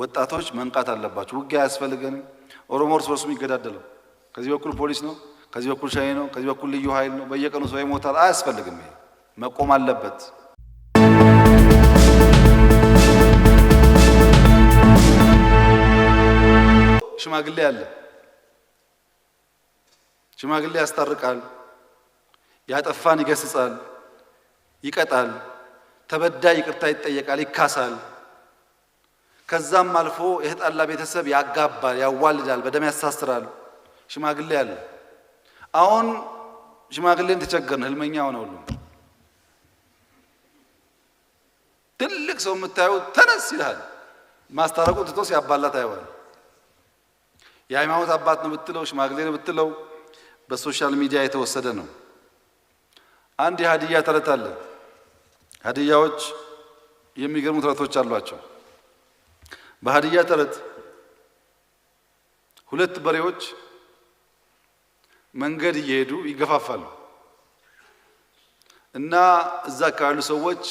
ወጣቶች መንቃት አለባቸው። ውጊያ አያስፈልገንም። ኦሮሞ እርስ በርሱ የሚገዳደለው ከዚህ በኩል ፖሊስ ነው፣ ከዚህ በኩል ሻይ ነው፣ ከዚህ በኩል ልዩ ኃይል ነው። በየቀኑ ሰው ይሞታል። አያስፈልግም። ይሄ መቆም አለበት። ሽማግሌ አለ። ሽማግሌ ያስታርቃል፣ ያጠፋን ይገስጻል፣ ይቀጣል፣ ተበዳይ ይቅርታ ይጠየቃል፣ ይካሳል። ከዛም አልፎ የተጣላ ቤተሰብ ያጋባል፣ ያዋልዳል፣ በደም ያሳስራል። ሽማግሌ አለ። አሁን ሽማግሌን ተቸገርን፣ ህልመኛ ሆነ ሁሉ ትልቅ ሰው የምታየው ተነስ ይልሃል። ማስታረቁ ትቶ ሲያባላ አይዋል። የሃይማኖት አባት ነው ብትለው፣ ሽማግሌ ነው ብትለው፣ በሶሻል ሚዲያ የተወሰደ ነው። አንድ የሀዲያ ተረት አለ። ሀዲያዎች የሚገርሙ ተረቶች አሏቸው። በሀዲያ ተረት ሁለት በሬዎች መንገድ እየሄዱ ይገፋፋሉ እና እዛ ካሉ ሰዎች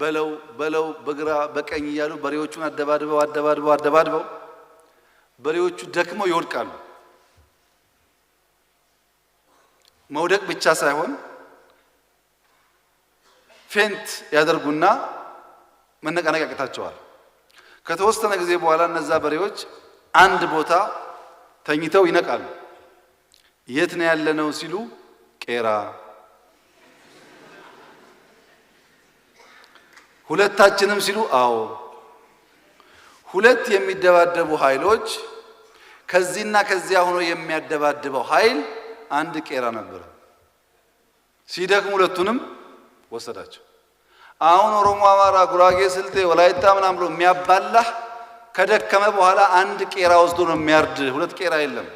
በለው በለው በግራ በቀኝ እያሉ በሬዎቹን አደባድበው አደባድበው አደባድበው በሬዎቹ ደክመው ይወድቃሉ። መውደቅ ብቻ ሳይሆን ፌንት ያደርጉና መነቃነቅ ያቅታቸዋል። ከተወሰነ ጊዜ በኋላ እነዛ በሬዎች አንድ ቦታ ተኝተው ይነቃሉ። የት ነው ያለነው ሲሉ ቄራ። ሁለታችንም ሲሉ አዎ። ሁለት የሚደባደቡ ኃይሎች ከዚህና ከዚያ ሆኖ የሚያደባድበው ኃይል አንድ ቄራ ነበረ። ሲደክም ሁለቱንም ወሰዳቸው። አሁን ኦሮሞ፣ አማራ፣ ጉራጌ፣ ስልጤ፣ ወላይታ ምናም ብሎ የሚያባላህ ከደከመ በኋላ አንድ ቄራ ወስዶ ነው የሚያርድ። ሁለት ቄራ የለም።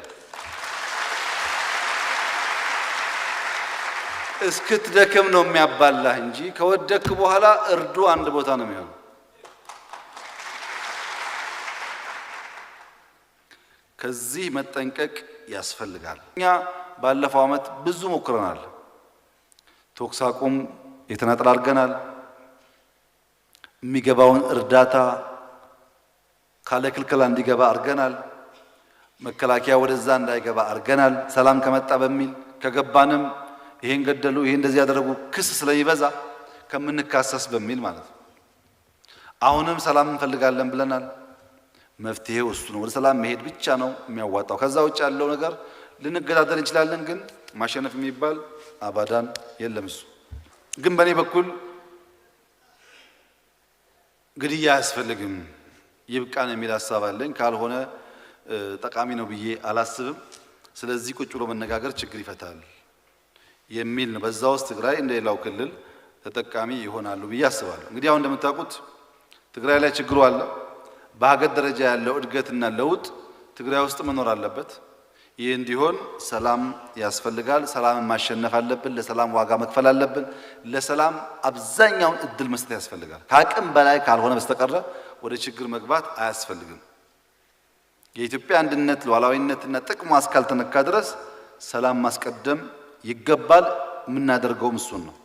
እስክትደክም ነው የሚያባላህ እንጂ ከወደክ በኋላ እርዱ አንድ ቦታ ነው የሚሆነው። ከዚህ መጠንቀቅ ያስፈልጋል። እኛ ባለፈው ዓመት ብዙ ሞክረናል። ቶክስ አቁም የተናጠል አድርገናል። የሚገባውን እርዳታ ካለ ክልከላ እንዲገባ አድርገናል። መከላከያ ወደዛ እንዳይገባ አድርገናል። ሰላም ከመጣ በሚል ከገባንም ይሄን ገደሉ፣ ይሄ እንደዚህ ያደረጉ ክስ ስለሚበዛ ከምንካሰስ በሚል ማለት ነው። አሁንም ሰላም እንፈልጋለን ብለናል። መፍትሄ እሱ ነው። ወደ ሰላም መሄድ ብቻ ነው የሚያዋጣው። ከዛ ውጭ ያለው ነገር ልንገዳደር እንችላለን፣ ግን ማሸነፍ የሚባል አባዳን የለም። እሱ ግን በእኔ በኩል ግድያ አያስፈልግም ይብቃን የሚል ሀሳብ አለኝ። ካልሆነ ጠቃሚ ነው ብዬ አላስብም። ስለዚህ ቁጭ ብሎ መነጋገር ችግር ይፈታል የሚል ነው። በዛ ውስጥ ትግራይ እንደሌላው ክልል ተጠቃሚ ይሆናሉ ብዬ አስባለሁ። እንግዲህ አሁን እንደምታውቁት ትግራይ ላይ ችግሩ አለ። በሀገር ደረጃ ያለው እድገትና ለውጥ ትግራይ ውስጥ መኖር አለበት። ይህ እንዲሆን ሰላም ያስፈልጋል። ሰላም ማሸነፍ አለብን። ለሰላም ዋጋ መክፈል አለብን። ለሰላም አብዛኛውን እድል መስጠት ያስፈልጋል። ከአቅም በላይ ካልሆነ በስተቀረ ወደ ችግር መግባት አያስፈልግም። የኢትዮጵያ አንድነት ሉዓላዊነትና ጥቅሟ እስካልተነካ ድረስ ሰላም ማስቀደም ይገባል። የምናደርገውም እሱን ነው።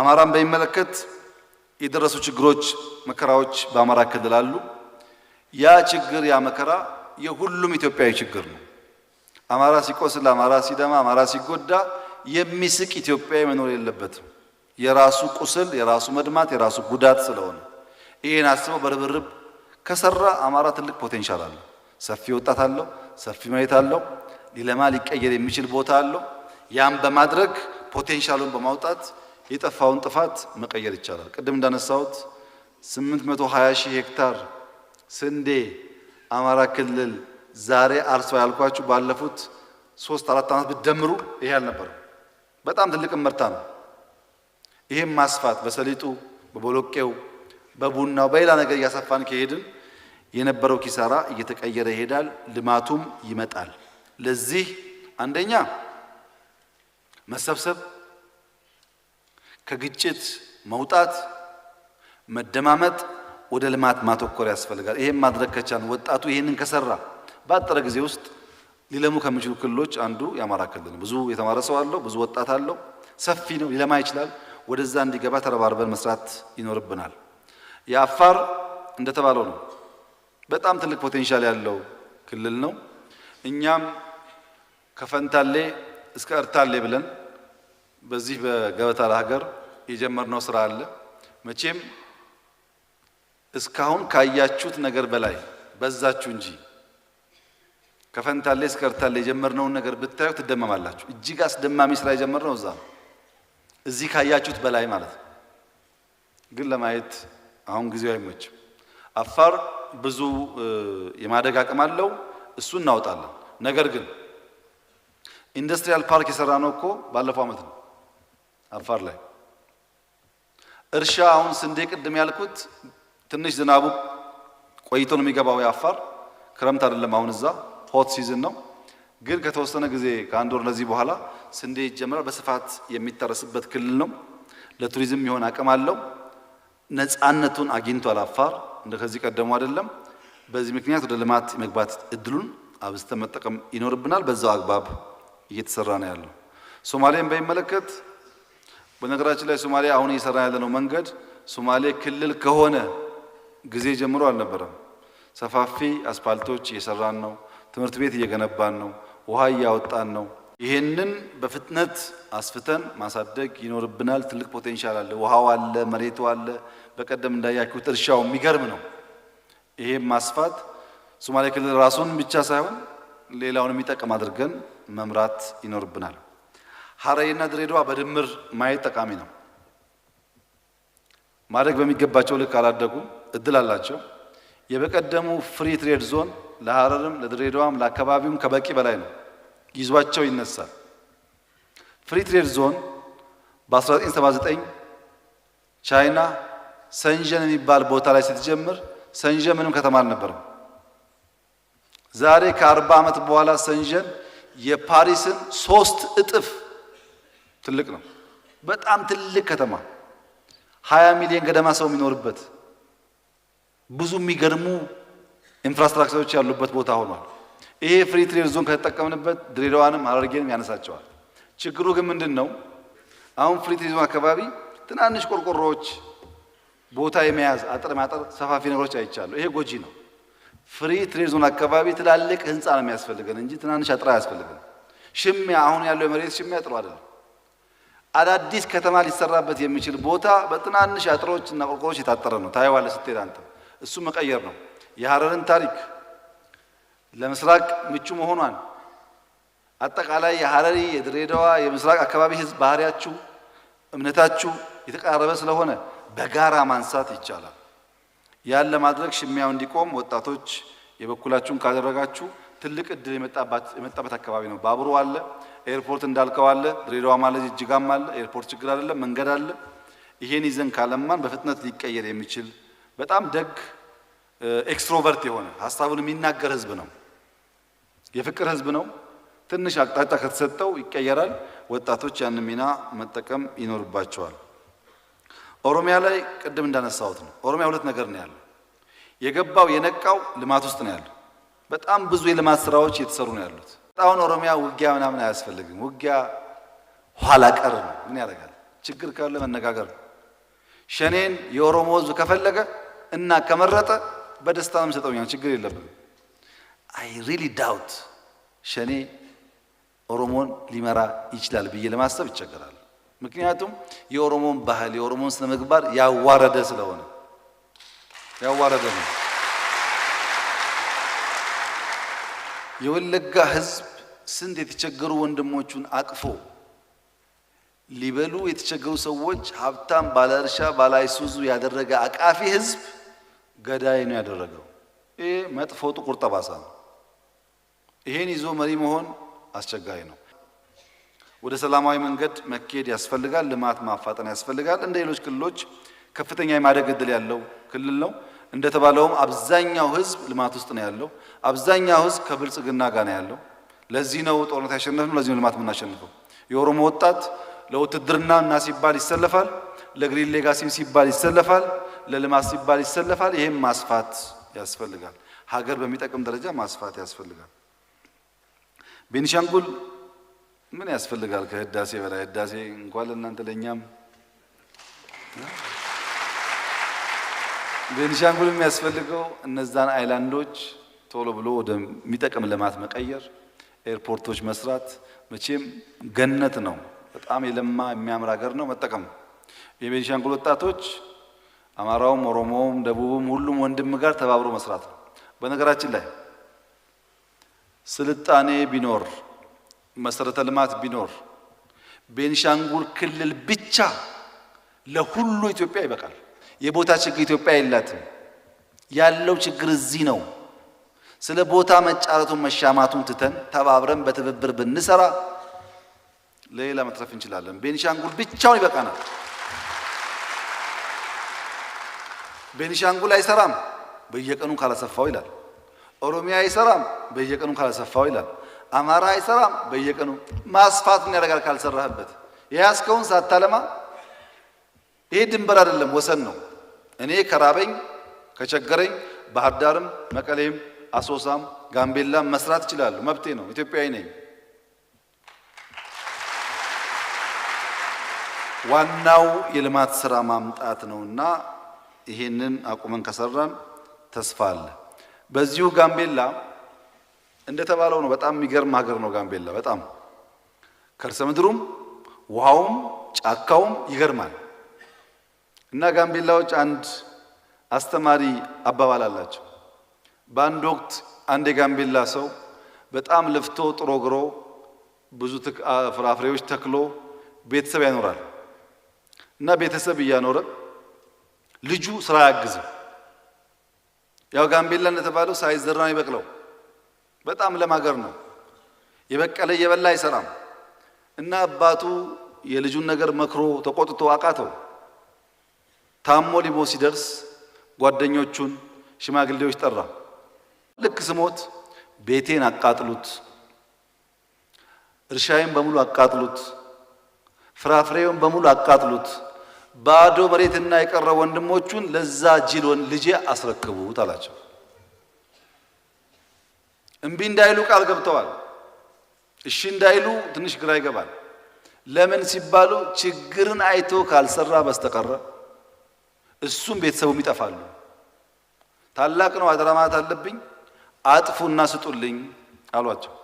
አማራን በሚመለከት የደረሱ ችግሮች፣ መከራዎች በአማራ ክልል አሉ። ያ ችግር ያ መከራ የሁሉም ኢትዮጵያዊ ችግር ነው። አማራ ሲቆስል፣ አማራ ሲደማ፣ አማራ ሲጎዳ የሚስቅ ኢትዮጵያዊ መኖር የለበትም። የራሱ ቁስል፣ የራሱ መድማት፣ የራሱ ጉዳት ስለሆነ ይህን አስበው በርብርብ ከሰራ አማራ ትልቅ ፖቴንሻል አለው። ሰፊ ወጣት አለው። ሰፊ መሬት አለው። ሊለማ ሊቀየር የሚችል ቦታ አለው። ያም በማድረግ ፖቴንሻሉን በማውጣት የጠፋውን ጥፋት መቀየር ይቻላል። ቅድም እንዳነሳሁት 820 ሺህ ሄክታር ስንዴ አማራ ክልል ዛሬ አርሶ ያልኳችሁ ባለፉት ሶስት አራት ዓመት ብትደምሩ ይሄ አልነበረም። በጣም ትልቅ ምርታ ነው። ይህም ማስፋት በሰሊጡ፣ በቦሎቄው፣ በቡናው በሌላ ነገር እያሰፋን ከሄድን የነበረው ኪሳራ እየተቀየረ ይሄዳል፣ ልማቱም ይመጣል። ለዚህ አንደኛ መሰብሰብ፣ ከግጭት መውጣት፣ መደማመጥ፣ ወደ ልማት ማተኮር ያስፈልጋል። ይሄን ማድረግ ከቻን ወጣቱ ይሄንን ከሰራ በአጠረ ጊዜ ውስጥ ሊለሙ ከሚችሉ ክልሎች አንዱ የአማራ ክልል ብዙ የተማረ ሰው አለው፣ ብዙ ወጣት አለው፣ ሰፊ ነው፣ ሊለማ ይችላል። ወደዛ እንዲገባ ተረባርበን መስራት ይኖርብናል። የአፋር እንደተባለው ነው፣ በጣም ትልቅ ፖቴንሻል ያለው ክልል ነው። እኛም ከፈንታሌ እስከ እርታሌ ብለን በዚህ በገበታ ለሀገር የጀመርነው ስራ አለ። መቼም እስካሁን ካያችሁት ነገር በላይ በዛችሁ እንጂ ከፈንታሌ እስከ የጀመርነውን ነገር ብታዩ ትደመማላችሁ። እጅግ አስደማሚ ስራ የጀመርነው እዛ ነው። እዚህ ካያችሁት በላይ ማለት ነው። ግን ለማየት አሁን ጊዜው አይመችም። አፋር ብዙ የማደግ አቅም አለው። እሱ እናወጣለን። ነገር ግን ኢንዱስትሪያል ፓርክ የሰራ ነው እኮ ባለፈው ዓመት ነው አፋር ላይ እርሻ። አሁን ስንዴ ቅድም ያልኩት ትንሽ ዝናቡ ቆይቶ ነው የሚገባው። የአፋር ክረምት አይደለም አሁን እዛ ሆት ሲዝን ነው። ግን ከተወሰነ ጊዜ ከአንድ ወር ለዚህ በኋላ ስንዴ ይጀምራል። በስፋት የሚጠረስበት ክልል ነው። ለቱሪዝም የሚሆን አቅም አለው። ነፃነቱን አግኝቷል። አፋር እንደከዚህ ቀደሙ አይደለም። በዚህ ምክንያት ወደ ልማት የመግባት እድሉን አብዝተን መጠቀም ይኖርብናል። በዛው አግባብ እየተሰራ ነው ያለው። ሶማሌን በሚመለከት በነገራችን ላይ ሶማሌ አሁን እየሰራ ያለነው መንገድ ሶማሌ ክልል ከሆነ ጊዜ ጀምሮ አልነበረም። ሰፋፊ አስፓልቶች እየሰራን ነው። ትምህርት ቤት እየገነባን ነው፣ ውሃ እያወጣን ነው። ይህንን በፍጥነት አስፍተን ማሳደግ ይኖርብናል። ትልቅ ፖቴንሻል አለ። ውሃው አለ፣ መሬቱ አለ። በቀደም እንዳያችሁት እርሻው የሚገርም ነው። ይሄም ማስፋት ሶማሌ ክልል ራሱን ብቻ ሳይሆን ሌላውን የሚጠቅም አድርገን መምራት ይኖርብናል። ሀረሪና ድሬዳዋ በድምር ማየት ጠቃሚ ነው። ማድረግ በሚገባቸው ልክ አላደጉም፣ እድል አላቸው። የበቀደሙ ፍሪ ትሬድ ዞን ለሐረርም ለድሬዳዋም ለአካባቢውም ከበቂ በላይ ነው። ይዟቸው ይነሳል። ፍሪ ትሬድ ዞን በ1979 ቻይና ሰንጀን የሚባል ቦታ ላይ ስትጀምር ሰንጀን ምንም ከተማ አልነበረም። ዛሬ ከአርባ ዓመት በኋላ ሰንጀን የፓሪስን ሶስት እጥፍ ትልቅ ነው። በጣም ትልቅ ከተማ ሀያ ሚሊዮን ገደማ ሰው የሚኖርበት ብዙ የሚገርሙ ኢንፍራስትራክቸሮች ያሉበት ቦታ ሆኗል። ይሄ ፍሪ ትሬድ ዞን ከተጠቀምንበት ድሬዳዋንም ሀረርጌንም ያነሳቸዋል። ችግሩ ግን ምንድን ነው? አሁን ፍሪ ትሬድ ዞን አካባቢ ትናንሽ ቆርቆሮዎች ቦታ የመያዝ አጥር ማጠር ሰፋፊ ነገሮች አይቻሉ። ይሄ ጎጂ ነው። ፍሪ ትሬድ ዞን አካባቢ ትላልቅ ህንፃ ነው የሚያስፈልገን እንጂ ትናንሽ አጥር አያስፈልግም። ሽሚያ አሁን ያለው የመሬት ሽሚያ ጥሩ አይደለም። አዳዲስ ከተማ ሊሰራበት የሚችል ቦታ በትናንሽ አጥሮች እና ቆርቆሮች የታጠረ ነው። ታየዋለህ ስትሄድ አንተ። እሱ መቀየር ነው። የሐረርን ታሪክ ለምስራቅ ምቹ መሆኗን አጠቃላይ የሀረሪ የድሬዳዋ የምስራቅ አካባቢ ህዝብ ባህሪያችሁ፣ እምነታችሁ የተቀራረበ ስለሆነ በጋራ ማንሳት ይቻላል። ያን ለማድረግ ሽሚያው እንዲቆም ወጣቶች የበኩላችሁን ካደረጋችሁ ትልቅ እድል የመጣበት አካባቢ ነው። ባቡሩ አለ፣ ኤርፖርት እንዳልከው አለ፣ ድሬዳዋ ማለት እጅጋም አለ። ኤርፖርት ችግር አይደለም፣ መንገድ አለ። ይሄን ይዘን ካለማን በፍጥነት ሊቀየር የሚችል በጣም ደግ ኤክስትሮቨርት የሆነ ሀሳቡን የሚናገር ህዝብ ነው። የፍቅር ህዝብ ነው። ትንሽ አቅጣጫ ከተሰጠው ይቀየራል። ወጣቶች ያን ሚና መጠቀም ይኖርባቸዋል። ኦሮሚያ ላይ ቅድም እንዳነሳሁት ነው። ኦሮሚያ ሁለት ነገር ነው ያለው። የገባው የነቃው ልማት ውስጥ ነው ያለው። በጣም ብዙ የልማት ስራዎች እየተሰሩ ነው ያሉት። አሁን ኦሮሚያ ውጊያ ምናምን አያስፈልግም። ውጊያ ኋላ ቀር ነው። ምን ያደርጋል? ችግር ካለ መነጋገር ነው። ሸኔን የኦሮሞ ህዝብ ከፈለገ እና ከመረጠ በደስታ ነው የሚሰጠውኛል። ችግር የለብም። አይ ሪሊ ዳውት ሸኔ ኦሮሞን ሊመራ ይችላል ብዬ ለማሰብ ይቸገራል። ምክንያቱም የኦሮሞን ባህል የኦሮሞን ስነ ምግባር ያዋረደ ስለሆነ ያዋረደ ነው። የወለጋ ህዝብ ስንት የተቸገሩ ወንድሞቹን አቅፎ ሊበሉ የተቸገሩ ሰዎች ሀብታም ባለእርሻ ባለ ያደረገ አቃፊ ህዝብ? ገዳይ ነው ያደረገው። ይህ መጥፎ ጥቁር ጠባሳ ነው። ይሄን ይዞ መሪ መሆን አስቸጋሪ ነው። ወደ ሰላማዊ መንገድ መካሄድ ያስፈልጋል። ልማት ማፋጠን ያስፈልጋል። እንደ ሌሎች ክልሎች ከፍተኛ የማደግ እድል ያለው ክልል ነው። እንደተባለውም አብዛኛው ህዝብ ልማት ውስጥ ነው ያለው። አብዛኛው ህዝብ ከብልጽግና ጋር ነው ያለው። ለዚህ ነው ጦርነት ያሸነፍነው። ለዚህ ነው ልማት የምናሸንፈው። የኦሮሞ ወጣት ለውትድርና እና ሲባል ይሰለፋል። ለግሪን ሌጋሲም ሲባል ይሰለፋል። ለልማት ሲባል ይሰለፋል። ይህም ማስፋት ያስፈልጋል። ሀገር በሚጠቅም ደረጃ ማስፋት ያስፈልጋል። ቤኒሻንጉል ምን ያስፈልጋል? ከህዳሴ በላይ ህዳሴ እንኳን ለእናንተ ለእኛም ቤኒሻንጉል የሚያስፈልገው እነዛን አይላንዶች ቶሎ ብሎ ወደሚጠቅም ልማት መቀየር፣ ኤርፖርቶች መስራት። መቼም ገነት ነው። በጣም የለማ የሚያምር ሀገር ነው። መጠቀም የቤኒሻንጉል ወጣቶች አማራውም፣ ኦሮሞውም፣ ደቡብም ሁሉም ወንድም ጋር ተባብሮ መስራት ነው። በነገራችን ላይ ስልጣኔ ቢኖር መሰረተ ልማት ቢኖር ቤንሻንጉል ክልል ብቻ ለሁሉ ኢትዮጵያ ይበቃል። የቦታ ችግር ኢትዮጵያ የላትም። ያለው ችግር እዚህ ነው። ስለ ቦታ መጫረቱን መሻማቱን ትተን ተባብረን በትብብር ብንሰራ ለሌላ መትረፍ እንችላለን። ቤንሻንጉል ብቻውን ይበቃናል። ቤኒሻንጉል አይሰራም በየቀኑ ካላሰፋው ይላል። ኦሮሚያ አይሰራም በየቀኑ ካላሰፋው ይላል። አማራ አይሰራም በየቀኑ ማስፋት ምን ያደርጋል? ካልሰራህበት የያዝከውን ሳታለማ። ይሄ ድንበር አይደለም ወሰን ነው። እኔ ከራበኝ ከቸገረኝ ባህር ዳርም መቀሌም አሶሳም ጋምቤላም መስራት እችላለሁ። መብቴ ነው። ኢትዮጵያዊ ነኝ። ዋናው የልማት ስራ ማምጣት ነውና ይሄንን አቁመን ከሰራን ተስፋ አለ። በዚሁ ጋምቤላ እንደተባለው ነው። በጣም የሚገርም ሀገር ነው ጋምቤላ። በጣም ከርሰ ምድሩም ውሃውም ጫካውም ይገርማል። እና ጋምቤላዎች አንድ አስተማሪ አባባል አላቸው። በአንድ ወቅት አንድ የጋምቤላ ሰው በጣም ለፍቶ ጥሮ ግሮ ብዙ ፍራፍሬዎች ተክሎ ቤተሰብ ያኖራል እና ቤተሰብ እያኖረ ልጁ ስራ አያግዝም። ያው ጋምቤላ እንደተባለው ሳይዘራ ነው ይበቅለው። በጣም ለማገር ነው። የበቀለ እየበላ አይሰራም። እና አባቱ የልጁን ነገር መክሮ ተቆጥቶ አቃተው። ታሞ ሊሞ ሲደርስ ጓደኞቹን ሽማግሌዎች ጠራ። ልክ ስሞት ቤቴን አቃጥሉት፣ እርሻዬን በሙሉ አቃጥሉት፣ ፍራፍሬውን በሙሉ አቃጥሉት ባዶ መሬትና የቀረ ወንድሞቹን ለዛ ጅሎን ልጄ አስረክቡት አላቸው። እምቢ እንዳይሉ ቃል ገብተዋል። እሺ እንዳይሉ ትንሽ ግራ ይገባል። ለምን ሲባሉ ችግርን አይቶ ካልሰራ በስተቀረ እሱም ቤተሰቡም ይጠፋሉ። ታላቅ ነው አደራ ማለት አለብኝ። አጥፉና ስጡልኝ አሏቸው።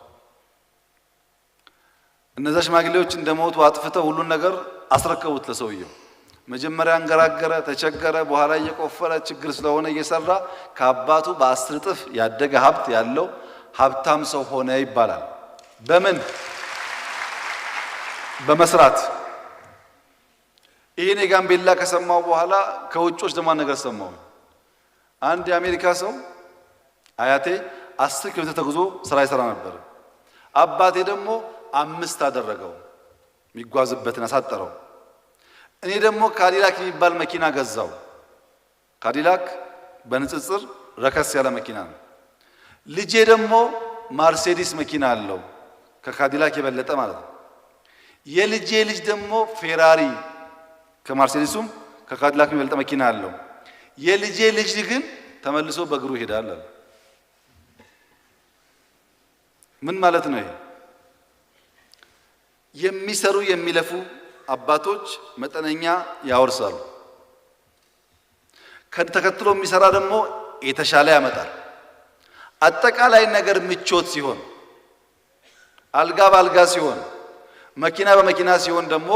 እነዛ ሽማግሌዎች እንደሞቱ አጥፍተው ሁሉን ነገር አስረከቡት ለሰውየው። መጀመሪያ አንገራገረ፣ ተቸገረ። በኋላ እየቆፈረ ችግር ስለሆነ እየሰራ ከአባቱ በአስር እጥፍ ያደገ ሀብት ያለው ሀብታም ሰው ሆነ ይባላል። በምን በመስራት። ይህን የጋምቤላ ከሰማው በኋላ ከውጮች ደግሞ ነገር ሰማው። አንድ የአሜሪካ ሰው አያቴ አስር ኪሎ ተጉዞ ስራ ይሰራ ነበር። አባቴ ደግሞ አምስት አደረገው፣ የሚጓዝበትን አሳጠረው። እኔ ደግሞ ካዲላክ የሚባል መኪና ገዛው። ካዲላክ በንጽጽር ረከስ ያለ መኪና ነው። ልጄ ደግሞ ማርሴዲስ መኪና አለው፣ ከካዲላክ የበለጠ ማለት ነው። የልጄ ልጅ ደግሞ ፌራሪ ከማርሴዲሱም ከካዲላክ የበለጠ መኪና አለው። የልጄ ልጅ ግን ተመልሶ በእግሩ ይሄዳል። ምን ማለት ነው ይሄ? የሚሰሩ የሚለፉ አባቶች መጠነኛ ያወርሳሉ። ተከትሎ የሚሰራ ደግሞ የተሻለ ያመጣል። አጠቃላይ ነገር ምቾት ሲሆን፣ አልጋ በአልጋ ሲሆን፣ መኪና በመኪና ሲሆን ደግሞ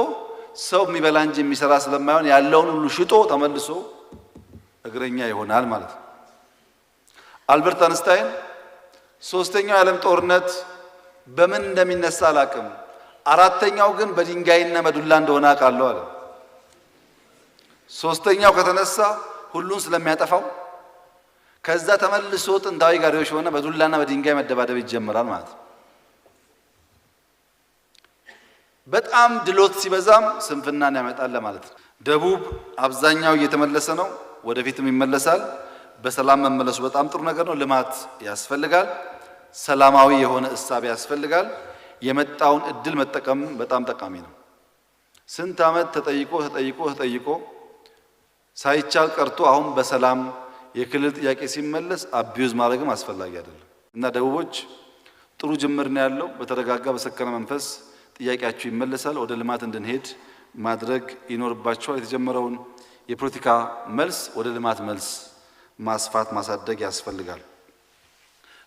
ሰው የሚበላ እንጂ የሚሰራ ስለማይሆን ያለውን ሁሉ ሽጦ ተመልሶ እግረኛ ይሆናል ማለት ነው። አልበርት አንስታይን ሶስተኛው የዓለም ጦርነት በምን እንደሚነሳ አላቅም አራተኛው ግን በድንጋይና በዱላ እንደሆነ አውቃለሁ አለ። ሶስተኛው ከተነሳ ሁሉን ስለሚያጠፋው ከዛ ተመልሶ ጥንታዊ ጋሪዎች ሆነ በዱላና በድንጋይ መደባደብ ይጀምራል ማለት ነው። በጣም ድሎት ሲበዛም ስንፍናን ያመጣል ለማለት ነው። ደቡብ አብዛኛው እየተመለሰ ነው፣ ወደፊትም ይመለሳል። በሰላም መመለሱ በጣም ጥሩ ነገር ነው። ልማት ያስፈልጋል። ሰላማዊ የሆነ እሳቤ ያስፈልጋል። የመጣውን እድል መጠቀም በጣም ጠቃሚ ነው። ስንት ዓመት ተጠይቆ ተጠይቆ ተጠይቆ ሳይቻል ቀርቶ አሁን በሰላም የክልል ጥያቄ ሲመለስ አቢዩዝ ማድረግም አስፈላጊ አይደለም እና ደቡቦች ጥሩ ጅምር ነው ያለው። በተረጋጋ በሰከነ መንፈስ ጥያቄያቸው ይመለሳል። ወደ ልማት እንድንሄድ ማድረግ ይኖርባቸዋል። የተጀመረውን የፖለቲካ መልስ ወደ ልማት መልስ ማስፋት ማሳደግ ያስፈልጋል።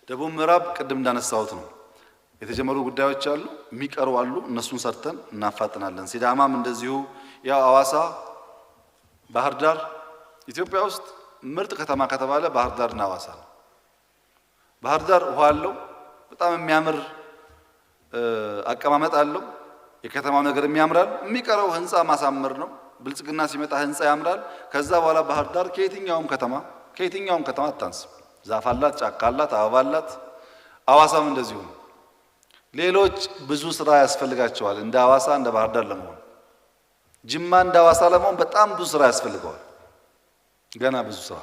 ደቡብ ምዕራብ ቅድም እንዳነሳሁት ነው። የተጀመሩ ጉዳዮች አሉ፣ የሚቀሩ አሉ። እነሱን ሰርተን እናፋጥናለን። ሲዳማም እንደዚሁ ያው አዋሳ፣ ባህር ዳር ኢትዮጵያ ውስጥ ምርጥ ከተማ ከተባለ ባህር እና አዋሳ ነው። ባህር ዳር ውሃ አለው፣ በጣም የሚያምር አቀማመጥ አለው። የከተማው ነገርም ያምራል። የሚቀረው ህንፃ ማሳመር ነው። ብልጽግና ሲመጣ ህንፃ ያምራል። ከዛ በኋላ ባህር ዳር ከየትኛውም ከተማ ከየትኛውም ከተማ አታንስም። ዛፍ አላት፣ ጫካ አላት፣ አበባ አላት። አዋሳም እንደዚሁ ነው። ሌሎች ብዙ ስራ ያስፈልጋቸዋል። እንደ አዋሳ እንደ ባህር ዳር ለመሆን ጅማ እንደ አዋሳ ለመሆን በጣም ብዙ ስራ ያስፈልገዋል። ገና ብዙ ስራ።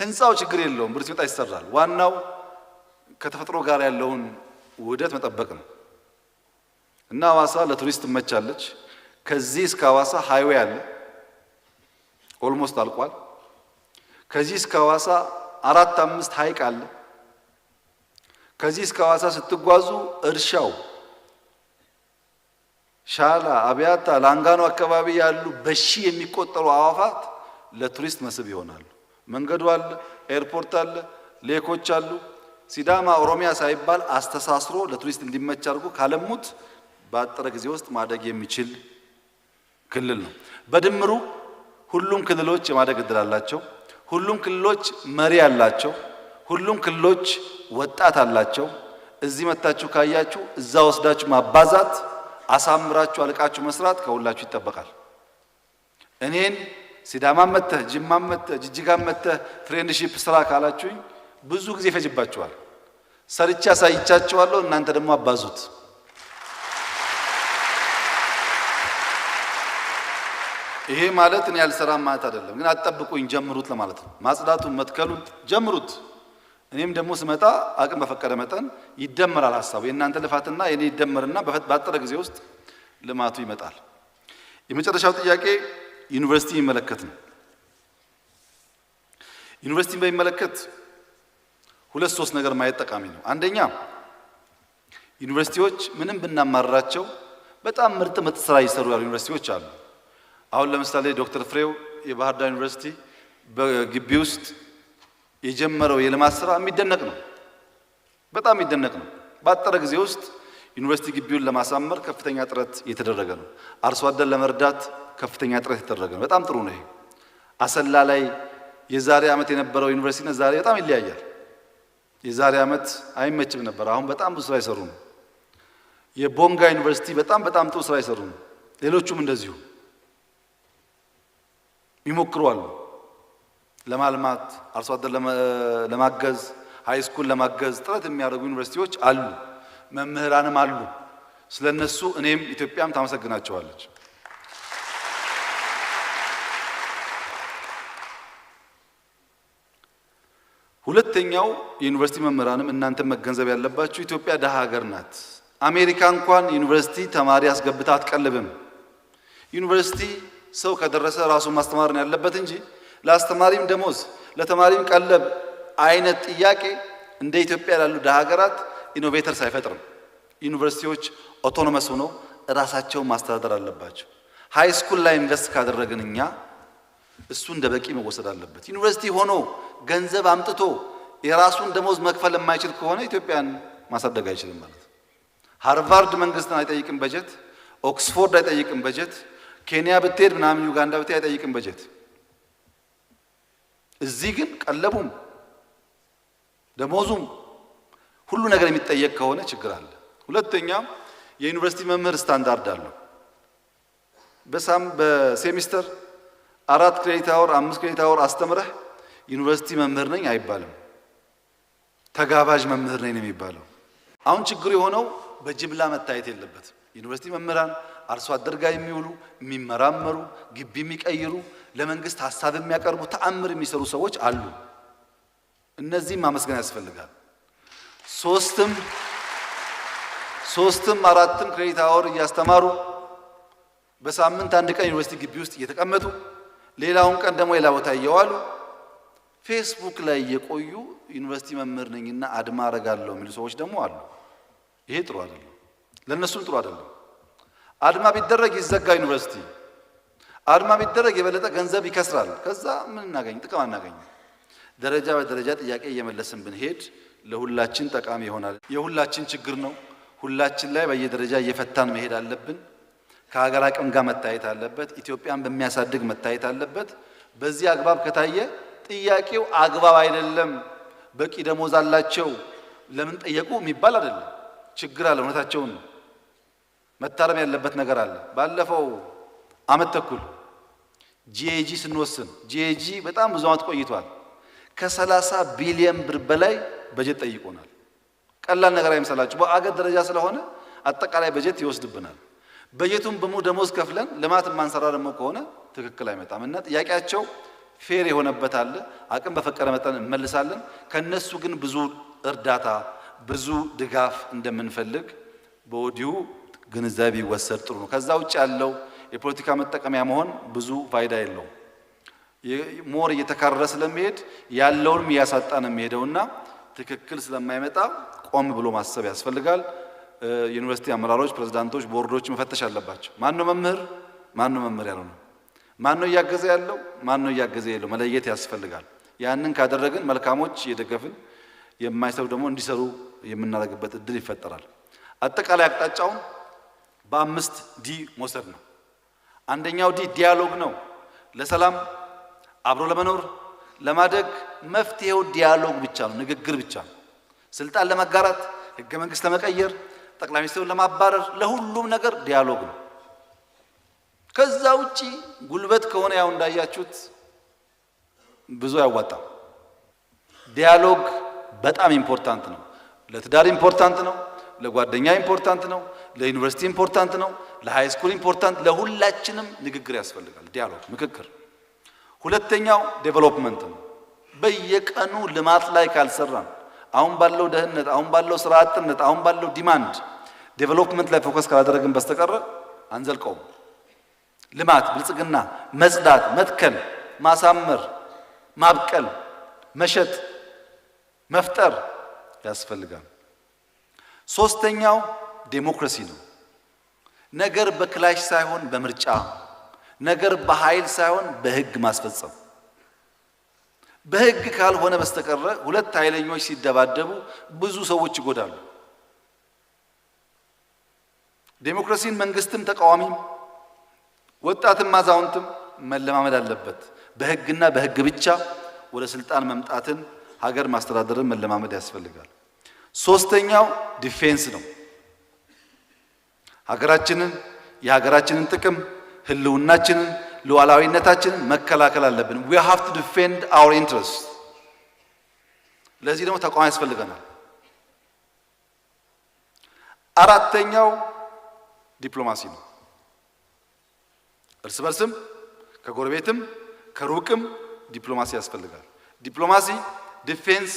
ህንፃው ችግር የለውም፣ ብር ሲመጣ ይሰራል። ዋናው ከተፈጥሮ ጋር ያለውን ውህደት መጠበቅ ነው እና አዋሳ ለቱሪስት ትመቻለች። ከዚህ እስከ አዋሳ ሀይዌ አለ፣ ኦልሞስት አልቋል። ከዚህ እስከ አዋሳ አራት አምስት ሀይቅ አለ። ከዚህ እስከ ሐዋሳ ስትጓዙ እርሻው ሻላ፣ አብያታ፣ ላንጋኖ አካባቢ ያሉ በሺ የሚቆጠሩ አዋፋት ለቱሪስት መስህብ ይሆናሉ። መንገዱ አለ፣ ኤርፖርት አለ፣ ሌኮች አሉ። ሲዳማ ኦሮሚያ ሳይባል አስተሳስሮ ለቱሪስት እንዲመች አድርጎ ካለሙት በአጠረ ጊዜ ውስጥ ማደግ የሚችል ክልል ነው። በድምሩ ሁሉም ክልሎች የማደግ እድል አላቸው። ሁሉም ክልሎች መሪ አላቸው። ሁሉም ክልሎች ወጣት አላቸው። እዚህ መታችሁ ካያችሁ እዛ ወስዳችሁ ማባዛት፣ አሳምራችሁ አልቃችሁ መስራት ከሁላችሁ ይጠበቃል። እኔን ሲዳማ መተህ ጅማ መተህ ጅጅጋ መተህ ፍሬንድሺፕ ስራ ካላችሁኝ ብዙ ጊዜ ይፈጅባችኋል። ሰርቼ አሳይቻችኋለሁ። እናንተ ደግሞ አባዙት። ይሄ ማለት እኔ ያልሰራም ማለት አይደለም፣ ግን አትጠብቁኝ፣ ጀምሩት ለማለት ነው። ማጽዳቱን መትከሉን ጀምሩት። እኔም ደግሞ ስመጣ አቅም በፈቀደ መጠን ይደመራል ሀሳቡ የእናንተ ልፋትና የኔ ይደመርና በአጠረ ጊዜ ውስጥ ልማቱ ይመጣል። የመጨረሻው ጥያቄ ዩኒቨርሲቲ የሚመለከት ነው። ዩኒቨርሲቲ በሚመለከት ሁለት ሶስት ነገር ማየት ጠቃሚ ነው። አንደኛ ዩኒቨርሲቲዎች ምንም ብናማራቸው በጣም ምርጥ ምርጥ ስራ ይሰሩ ያሉ ዩኒቨርሲቲዎች አሉ። አሁን ለምሳሌ ዶክተር ፍሬው የባህር ዳር ዩኒቨርሲቲ በግቢ ውስጥ የጀመረው የልማት ስራ የሚደነቅ ነው። በጣም የሚደነቅ ነው። በአጠረ ጊዜ ውስጥ ዩኒቨርሲቲ ግቢውን ለማሳመር ከፍተኛ ጥረት የተደረገ ነው። አርሶ አደር ለመርዳት ከፍተኛ ጥረት የተደረገ ነው። በጣም ጥሩ ነው። ይሄ አሰላ ላይ የዛሬ ዓመት የነበረው ዩኒቨርሲቲና ዛሬ በጣም ይለያያል። የዛሬ ዓመት አይመችም ነበር። አሁን በጣም ብዙ ስራ ይሰሩ ነው። የቦንጋ ዩኒቨርሲቲ በጣም በጣም ጥሩ ስራ ይሰሩ ነው። ሌሎቹም እንደዚሁ ይሞክሩ አሉ። ለማልማት አርሶ አደር ለማገዝ ሃይስኩል ለማገዝ ጥረት የሚያደርጉ ዩኒቨርሲቲዎች አሉ፣ መምህራንም አሉ። ስለነሱ እኔም ኢትዮጵያም ታመሰግናቸዋለች። ሁለተኛው የዩኒቨርሲቲ መምህራንም እናንተ መገንዘብ ያለባችሁ ኢትዮጵያ ድሃ ሀገር ናት። አሜሪካ እንኳን ዩኒቨርሲቲ ተማሪ አስገብታ አትቀልብም። ዩኒቨርሲቲ ሰው ከደረሰ ራሱን ማስተማር ነው ያለበት እንጂ ለአስተማሪም ደሞዝ፣ ለተማሪም ቀለብ አይነት ጥያቄ እንደ ኢትዮጵያ ላሉ ደሃ ሀገራት ኢኖቬተርስ አይፈጥርም። ዩኒቨርሲቲዎች ኦቶኖመስ ሆነው ራሳቸውን ማስተዳደር አለባቸው። ሀይ ስኩል ላይ ኢንቨስት ካደረግን እኛ እሱ እንደ በቂ መወሰድ አለበት። ዩኒቨርሲቲ ሆኖ ገንዘብ አምጥቶ የራሱን ደሞዝ መክፈል የማይችል ከሆነ ኢትዮጵያን ማሳደግ አይችልም ማለት ነው። ሃርቫርድ መንግስትን አይጠይቅም በጀት፣ ኦክስፎርድ አይጠይቅም በጀት፣ ኬንያ ብትሄድ ምናምን ዩጋንዳ ብትሄድ አይጠይቅም በጀት እዚህ ግን ቀለቡም ደሞዙም ሁሉ ነገር የሚጠየቅ ከሆነ ችግር አለ። ሁለተኛ የዩኒቨርሲቲ መምህር ስታንዳርድ አለው። በሳም በሴሚስተር አራት ክሬዲት አወር አምስት ክሬዲት አወር አስተምረህ ዩኒቨርሲቲ መምህር ነኝ አይባልም። ተጋባዥ መምህር ነኝ ነው የሚባለው። አሁን ችግሩ የሆነው በጅምላ መታየት የለበትም። ዩኒቨርሲቲ መምህራን አርሶ አደር ጋር የሚውሉ የሚመራመሩ ግቢ የሚቀይሩ ለመንግስት ሀሳብ የሚያቀርቡ ተአምር የሚሰሩ ሰዎች አሉ። እነዚህም ማመስገን ያስፈልጋል። ሶስትም ሶስትም አራትም ክሬዲት አወር እያስተማሩ በሳምንት አንድ ቀን ዩኒቨርሲቲ ግቢ ውስጥ እየተቀመጡ ሌላውን ቀን ደግሞ ሌላ ቦታ እየዋሉ ፌስቡክ ላይ የቆዩ ዩኒቨርሲቲ መምህር ነኝና አድማ አረጋለሁ የሚሉ ሰዎች ደግሞ አሉ። ይሄ ጥሩ አይደለም፣ ለእነሱም ጥሩ አይደለም። አድማ ቢደረግ ይዘጋ ዩኒቨርሲቲ አድማ ቢደረግ የበለጠ ገንዘብ ይከስራል። ከዛ ምን እናገኝ? ጥቅም አናገኝ። ደረጃ በደረጃ ጥያቄ እየመለስን ብንሄድ ለሁላችን ጠቃሚ ይሆናል። የሁላችን ችግር ነው። ሁላችን ላይ በየደረጃ እየፈታን መሄድ አለብን። ከሀገር አቅም ጋር መታየት አለበት። ኢትዮጵያን በሚያሳድግ መታየት አለበት። በዚህ አግባብ ከታየ ጥያቄው አግባብ አይደለም፣ በቂ ደሞዝ አላቸው፣ ለምን ጠየቁ የሚባል አይደለም። ችግር አለ፣ እውነታቸውን ነው። መታረም ያለበት ነገር አለ። ባለፈው አመት ተኩል ጂኤጂ ስንወስን ጂኤጂ በጣም ብዙ ዓመት ቆይቷል። ከሰላሳ ቢሊየን ብር በላይ በጀት ጠይቆናል። ቀላል ነገር አይመስላችሁ። በአገር ደረጃ ስለሆነ አጠቃላይ በጀት ይወስድብናል። በጀቱን በሙሉ ደሞዝ ከፍለን ልማት የማንሰራ ደግሞ ከሆነ ትክክል አይመጣም እና ጥያቄያቸው ፌር የሆነበት አለ። አቅም በፈቀደ መጠን እንመልሳለን። ከነሱ ግን ብዙ እርዳታ፣ ብዙ ድጋፍ እንደምንፈልግ በወዲሁ ግንዛቤ ይወሰድ ጥሩ ነው። ከዛ ውጭ ያለው የፖለቲካ መጠቀሚያ መሆን ብዙ ፋይዳ የለውም። ሞር እየተካረረ ስለሚሄድ ያለውንም እያሳጣ ነው የሚሄደውና ትክክል ስለማይመጣ ቆም ብሎ ማሰብ ያስፈልጋል። ዩኒቨርሲቲ አመራሮች፣ ፕሬዝዳንቶች፣ ቦርዶች መፈተሽ አለባቸው። ነው መምህር፣ ነው መምህር ያለው ነው፣ ነው እያገዘ ያለው፣ ነው እያገዘ የለው መለየት ያስፈልጋል። ያንን ካደረግን መልካሞች እየደገፍን የማይሰሩ ደግሞ እንዲሰሩ የምናደርግበት እድል ይፈጠራል። አጠቃላይ አቅጣጫውን በአምስት ዲ መውሰድ ነው። አንደኛው ዲ ዲያሎግ ነው። ለሰላም አብሮ ለመኖር ለማደግ መፍትሄው ዲያሎግ ብቻ ነው፣ ንግግር ብቻ ነው። ስልጣን ለመጋራት ህገ መንግስት ለመቀየር ጠቅላይ ሚኒስትሩን ለማባረር ለሁሉም ነገር ዲያሎግ ነው። ከዛ ውጪ ጉልበት ከሆነ ያው እንዳያችሁት ብዙ አያዋጣም። ዲያሎግ በጣም ኢምፖርታንት ነው። ለትዳር ኢምፖርታንት ነው። ለጓደኛ ኢምፖርታንት ነው። ለዩኒቨርሲቲ ኢምፖርታንት ነው። ለሃይስኩል ኢምፖርታንት፣ ለሁላችንም ንግግር ያስፈልጋል። ዲያሎግ፣ ምክክር። ሁለተኛው ዴቨሎፕመንት ነው። በየቀኑ ልማት ላይ ካልሰራን አሁን ባለው ደህንነት፣ አሁን ባለው ስራ አጥነት፣ አሁን ባለው ዲማንድ ዴቨሎፕመንት ላይ ፎከስ ካላደረግን በስተቀረ አንዘልቀውም። ልማት፣ ብልጽግና፣ መጽዳት፣ መትከል፣ ማሳመር፣ ማብቀል፣ መሸጥ፣ መፍጠር ያስፈልጋል። ሶስተኛው ዴሞክራሲ ነው። ነገር በክላሽ ሳይሆን በምርጫ ነገር በኃይል ሳይሆን በህግ ማስፈጸም በህግ ካልሆነ በስተቀረ ሁለት ኃይለኞች ሲደባደቡ ብዙ ሰዎች ይጎዳሉ። ዴሞክራሲን መንግስትም ተቃዋሚም ወጣትም አዛውንትም መለማመድ አለበት። በህግና በህግ ብቻ ወደ ስልጣን መምጣትን ሀገር ማስተዳደርን መለማመድ ያስፈልጋል። ሶስተኛው ዲፌንስ ነው። ሀገራችንን የሀገራችንን ጥቅም ህልውናችንን ሉዓላዊነታችንን መከላከል አለብን። ዊ ሃቭ ቱ ዲፌንድ አወር ኢንትረስት። ለዚህ ደግሞ ተቋም ያስፈልገናል። አራተኛው ዲፕሎማሲ ነው። እርስ በርስም ከጎረቤትም ከሩቅም ዲፕሎማሲ ያስፈልጋል። ዲፕሎማሲ፣ ዲፌንስ፣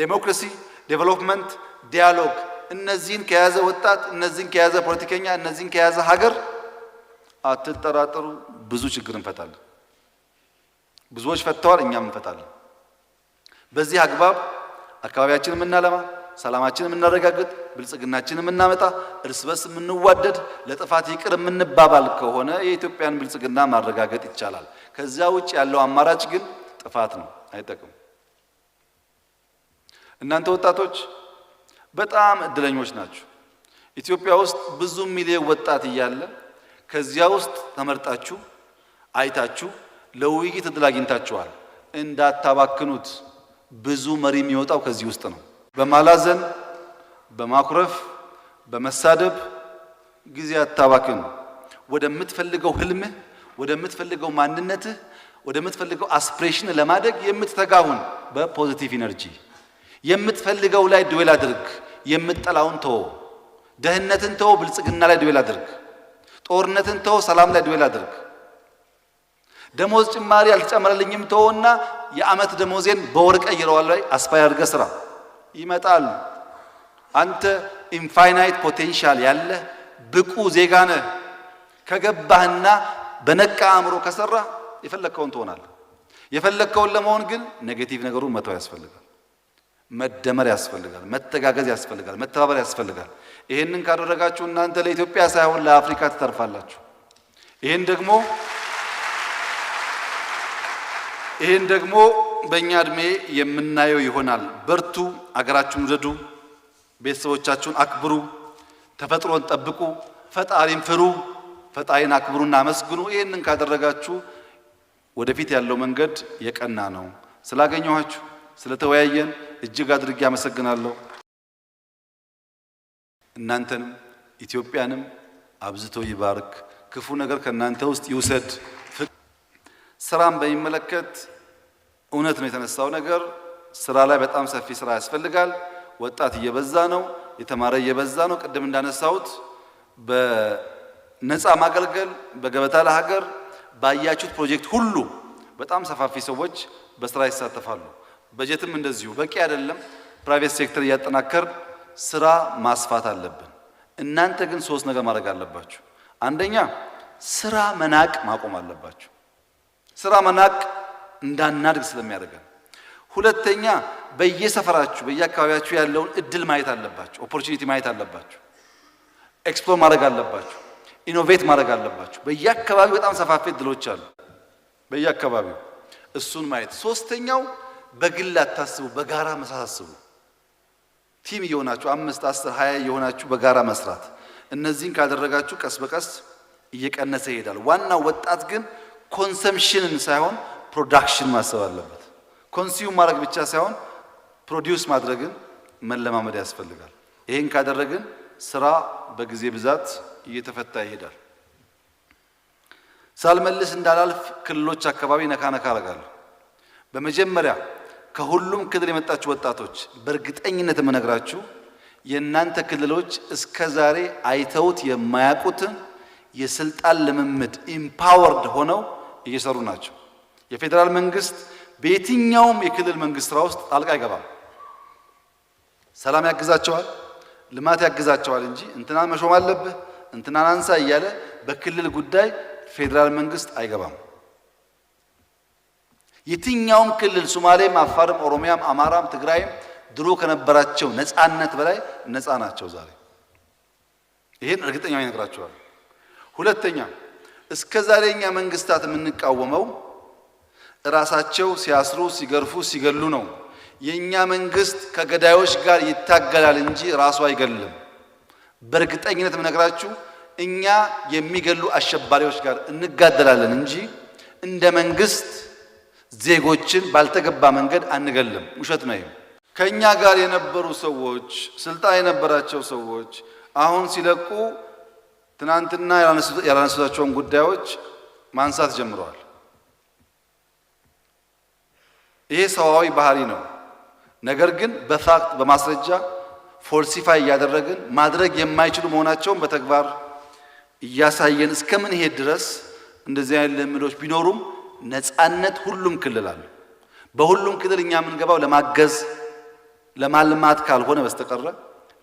ዴሞክራሲ፣ ዴቨሎፕመንት፣ ዲያሎግ እነዚህን ከያዘ ወጣት፣ እነዚህን ከያዘ ፖለቲከኛ፣ እነዚህን ከያዘ ሀገር አትጠራጠሩ፣ ብዙ ችግር እንፈታለን። ብዙዎች ፈተዋል፣ እኛም እንፈታለን። በዚህ አግባብ አካባቢያችንን የምናለማ፣ ሰላማችንን የምናረጋግጥ፣ ብልጽግናችንን የምናመጣ፣ እርስ በርስ የምንዋደድ፣ ለጥፋት ይቅር የምንባባል ከሆነ የኢትዮጵያን ብልጽግና ማረጋገጥ ይቻላል። ከዚያ ውጭ ያለው አማራጭ ግን ጥፋት ነው፣ አይጠቅም። እናንተ ወጣቶች በጣም እድለኞች ናቸው። ኢትዮጵያ ውስጥ ብዙ ሚሊዮን ወጣት እያለ ከዚያ ውስጥ ተመርጣችሁ አይታችሁ ለውይይት እድል አግኝታችኋል። እንዳታባክኑት። ብዙ መሪ የሚወጣው ከዚህ ውስጥ ነው። በማላዘን በማኩረፍ በመሳደብ ጊዜ አታባክኑ። ወደምትፈልገው ህልምህ፣ ወደምትፈልገው ማንነትህ፣ ወደምትፈልገው አስፒሬሽን ለማደግ የምትተጋሁን በፖዚቲቭ ኢነርጂ የምትፈልገው ላይ ድዌል አድርግ፣ የምትጠላውን ተወ። ድህነትን ተወ፣ ብልጽግና ላይ ድዌል አድርግ። ጦርነትን ተወ፣ ሰላም ላይ ድዌል አድርግ። ደሞዝ ጭማሪ አልተጨመረልኝም ተወና የአመት ደሞዜን በወር ቀይረዋል ላይ አስፋይ አድርገ ስራ። ይመጣል። አንተ ኢንፋይናይት ፖቴንሻል ያለ ብቁ ዜጋ ነህ። ከገባህና በነቃ አእምሮ ከሰራ የፈለግከውን ትሆናለህ። የፈለግከውን ለመሆን ግን ኔጌቲቭ ነገሩን መተው ያስፈልጋል። መደመር ያስፈልጋል፣ መተጋገዝ ያስፈልጋል፣ መተባበር ያስፈልጋል። ይህንን ካደረጋችሁ እናንተ ለኢትዮጵያ ሳይሆን ለአፍሪካ ትተርፋላችሁ። ይህን ደግሞ ይህን ደግሞ በእኛ እድሜ የምናየው ይሆናል። በርቱ፣ አገራችሁን ውደዱ፣ ቤተሰቦቻችሁን አክብሩ፣ ተፈጥሮን ጠብቁ፣ ፈጣሪን ፍሩ፣ ፈጣሪን አክብሩና አመስግኑ። ይህንን ካደረጋችሁ ወደፊት ያለው መንገድ የቀና ነው። ስላገኘኋችሁ ስለተወያየን እጅግ አድርጌ አመሰግናለሁ። እናንተንም ኢትዮጵያንም አብዝቶ ይባርክ፣ ክፉ ነገር ከእናንተ ውስጥ ይውሰድ። ስራን በሚመለከት እውነት ነው የተነሳው ነገር። ስራ ላይ በጣም ሰፊ ስራ ያስፈልጋል። ወጣት እየበዛ ነው፣ የተማረ እየበዛ ነው። ቅድም እንዳነሳሁት በነፃ ማገልገል፣ በገበታ ለሀገር ባያችሁት ፕሮጀክት ሁሉ በጣም ሰፋፊ ሰዎች በስራ ይሳተፋሉ። በጀትም እንደዚሁ በቂ አይደለም። ፕራይቬት ሴክተር እያጠናከር ስራ ማስፋት አለብን። እናንተ ግን ሶስት ነገር ማድረግ አለባችሁ። አንደኛ ስራ መናቅ ማቆም አለባችሁ። ስራ መናቅ እንዳናድግ ስለሚያደርገን። ሁለተኛ በየሰፈራችሁ በየአካባቢያችሁ ያለውን እድል ማየት አለባችሁ። ኦፖርቹኒቲ ማየት አለባችሁ። ኤክስፕሎር ማድረግ አለባችሁ። ኢኖቬት ማድረግ አለባችሁ። በየአካባቢው በጣም ሰፋፊ እድሎች አሉ። በየአካባቢው እሱን ማየት ሶስተኛው በግል አታስቡ፣ በጋራ መሳሳስቡ ቲም እየሆናችሁ አምስት አስር ሀያ እየሆናችሁ በጋራ መስራት። እነዚህን ካደረጋችሁ ቀስ በቀስ እየቀነሰ ይሄዳል። ዋናው ወጣት ግን ኮንሰምሽንን ሳይሆን ፕሮዳክሽን ማሰብ አለበት። ኮንሱም ማድረግ ብቻ ሳይሆን ፕሮዲውስ ማድረግን መለማመድ ያስፈልጋል። ይህን ካደረግን ስራ በጊዜ ብዛት እየተፈታ ይሄዳል። ሳልመልስ እንዳላልፍ ክልሎች አካባቢ ነካነካ አረጋለሁ። አደርጋለሁ። በመጀመሪያ ከሁሉም ክልል የመጣችሁ ወጣቶች በእርግጠኝነት የምነግራችሁ የእናንተ ክልሎች እስከ ዛሬ አይተውት የማያውቁትን የስልጣን ልምምድ ኢምፓወርድ ሆነው እየሰሩ ናቸው። የፌዴራል መንግስት በየትኛውም የክልል መንግስት ስራ ውስጥ ጣልቃ አይገባም። ሰላም ያግዛቸዋል፣ ልማት ያግዛቸዋል እንጂ እንትናን መሾም አለብህ፣ እንትናን አንሳ እያለ በክልል ጉዳይ ፌዴራል መንግስት አይገባም። የትኛውም ክልል ሶማሌም፣ አፋርም፣ ኦሮሚያም፣ አማራም፣ ትግራይም ድሮ ከነበራቸው ነፃነት በላይ ነፃ ናቸው ዛሬ። ይህን እርግጠኛ ይነግራቸዋል። ሁለተኛ እስከ ዛሬ እኛ መንግስታት የምንቃወመው እራሳቸው ሲያስሩ ሲገርፉ ሲገሉ ነው። የእኛ መንግስት ከገዳዮች ጋር ይታገላል እንጂ ራሱ አይገልም። በእርግጠኝነት የምነግራችሁ እኛ የሚገሉ አሸባሪዎች ጋር እንጋደላለን እንጂ እንደ መንግስት ዜጎችን ባልተገባ መንገድ አንገልም። ውሸት ነው። ከእኛ ጋር የነበሩ ሰዎች ስልጣን የነበራቸው ሰዎች አሁን ሲለቁ ትናንትና ያላነሱታቸውን ጉዳዮች ማንሳት ጀምረዋል። ይሄ ሰዋዊ ባህሪ ነው። ነገር ግን በፋክት በማስረጃ ፎልሲፋይ እያደረግን ማድረግ የማይችሉ መሆናቸውን በተግባር እያሳየን እስከምን ሄድ ድረስ እንደዚህ አይነት ልምዶች ቢኖሩም ነፃነት ሁሉም ክልል አለ። በሁሉም ክልል እኛ የምንገባው ለማገዝ ለማልማት ካልሆነ በስተቀረ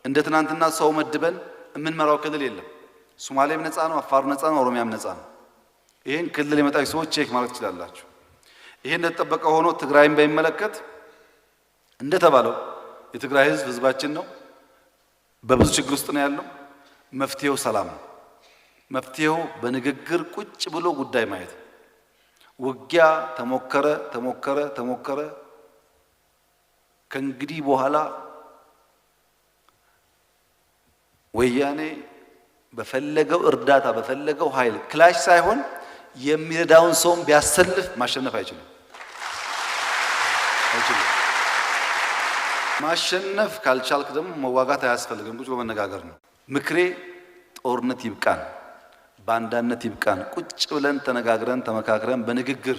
እንደ ትናንትና ሰው መድበን የምንመራው ክልል የለም። ሶማሌም ነፃ ነው፣ አፋሩ ነፃ ነው፣ ኦሮሚያም ነፃ ነው። ይህን ክልል የመጣች ሰዎች ቼክ ማለት ትችላላችሁ። ይህ እንደተጠበቀ ሆኖ ትግራይን በሚመለከት እንደተባለው የትግራይ ህዝብ ህዝባችን ነው። በብዙ ችግር ውስጥ ነው ያለው። መፍትሄው ሰላም ነው። መፍትሄው በንግግር ቁጭ ብሎ ጉዳይ ማየት ነው። ውጊያ ተሞከረ ተሞከረ ተሞከረ። ከእንግዲህ በኋላ ወያኔ በፈለገው እርዳታ በፈለገው ኃይል ክላሽ ሳይሆን የሚረዳውን ሰውን ቢያሰልፍ ማሸነፍ አይችልም አይችልም። ማሸነፍ ካልቻልክ ደግሞ መዋጋት አያስፈልግም፣ ቁጭ በመነጋገር ነው። ምክሬ ጦርነት ይብቃን። በአንዳነት ይብቃን። ቁጭ ብለን ተነጋግረን ተመካክረን በንግግር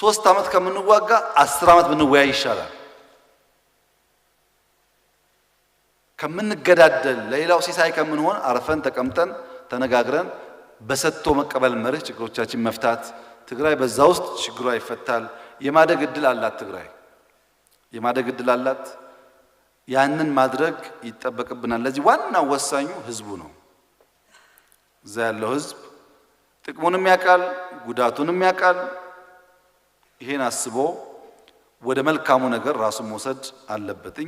ሶስት ዓመት ከምንዋጋ አስር ዓመት ብንወያይ ይሻላል። ከምንገዳደል ለሌላው ሲሳይ ከምንሆን አርፈን ተቀምጠን ተነጋግረን በሰጥቶ መቀበል መርህ ችግሮቻችን መፍታት። ትግራይ በዛ ውስጥ ችግሯ ይፈታል። የማደግ እድል አላት ትግራይ የማደግ እድል አላት። ያንን ማድረግ ይጠበቅብናል። ለዚህ ዋናው ወሳኙ ህዝቡ ነው። እዛ ያለው ህዝብ ጥቅሙንም ያውቃል፣ ጉዳቱንም ያውቃል። ይሄን አስቦ ወደ መልካሙ ነገር ራሱን መውሰድ አለበት።